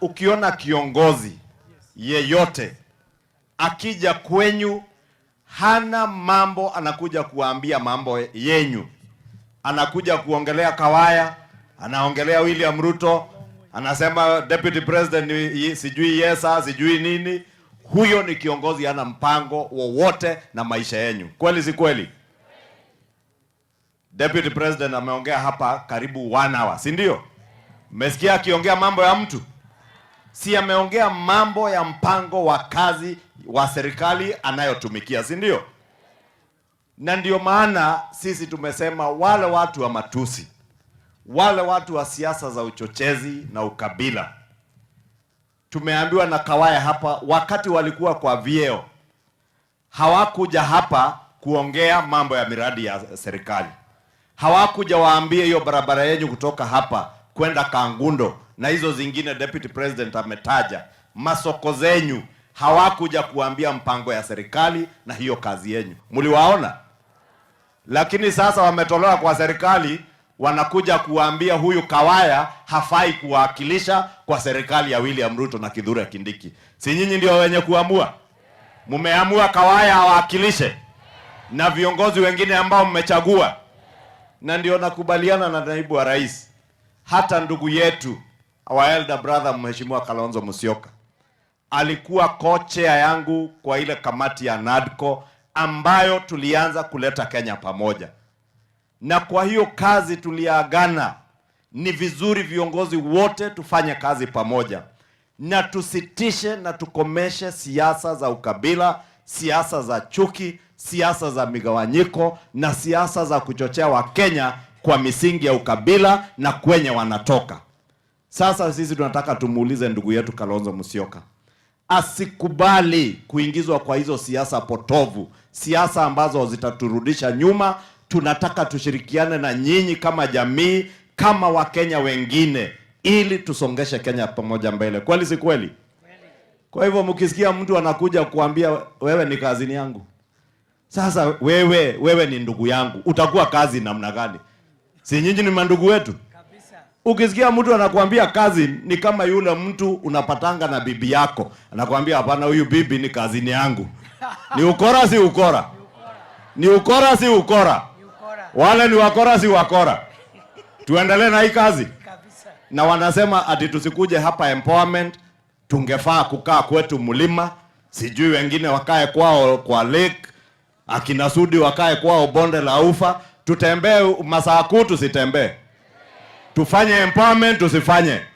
Ukiona kiongozi yeyote akija kwenyu hana mambo, anakuja kuambia mambo yenyu, anakuja kuongelea Kawaya, anaongelea William Ruto, anasema deputy president sijui yesa sijui nini. Huyo ni kiongozi, hana mpango wowote na maisha yenyu. Kweli si kweli? Deputy president ameongea hapa karibu one hour, si ndio? Mmesikia akiongea mambo ya mtu si ameongea mambo ya mpango wa kazi wa serikali anayotumikia, si ndio? Na ndio maana sisi tumesema wale watu wa matusi, wale watu wa siasa za uchochezi na ukabila, tumeambiwa na Kawaya hapa, wakati walikuwa kwa vyeo hawakuja hapa kuongea mambo ya miradi ya serikali, hawakuja waambie hiyo barabara yenyu kutoka hapa kwenda Kangundo na hizo zingine deputy president ametaja. Masoko zenyu hawakuja kuambia mpango ya serikali na hiyo kazi yenyu mliwaona, lakini sasa wametolewa kwa serikali, wanakuja kuambia huyu Kawaya hafai kuwakilisha kwa serikali ya William Ruto na Kithure Kindiki. Si nyinyi ndio wenye kuamua? Mmeamua Kawaya awakilishe na viongozi wengine ambao mmechagua, na ndio nakubaliana na naibu wa rais hata ndugu yetu our elder brother Mheshimiwa Kalonzo Musyoka alikuwa kochea yangu kwa ile kamati ya NADCO ambayo tulianza kuleta Kenya pamoja, na kwa hiyo kazi tuliagana, ni vizuri viongozi wote tufanye kazi pamoja na tusitishe na tukomeshe siasa za ukabila, siasa za chuki, siasa za migawanyiko na siasa za kuchochea Wakenya kwa misingi ya ukabila na kwenye wanatoka. Sasa sisi tunataka tumuulize ndugu yetu Kalonzo Musyoka asikubali kuingizwa kwa hizo siasa potovu, siasa ambazo zitaturudisha nyuma. Tunataka tushirikiane na nyinyi kama jamii, kama Wakenya wengine, ili tusongeshe Kenya pamoja mbele. Kweli si kweli? Kwa hivyo mkisikia mtu anakuja kuambia wewe ni kazini yangu, sasa wewe wewe ni ndugu yangu, utakuwa kazi namna gani? Si nyinyi ni mandugu wetu? Kabisa. Ukisikia mtu anakuambia kazi ni kama yule mtu unapatanga na bibi yako. Anakuambia hapana, huyu bibi ni kazini yangu. Ni ukora si ukora? Ni ukora si ukora? Wale ni wakora si wakora? Tuendelee na hii kazi. Kabisa. Na wanasema ati tusikuje hapa empowerment, tungefaa kukaa kwetu mlima, sijui wengine wakae kwao kwa lake, akina Sudi wakae kwao bonde la Ufa tutembee masaa kuu, tusitembee, tufanye empowerment, tusifanye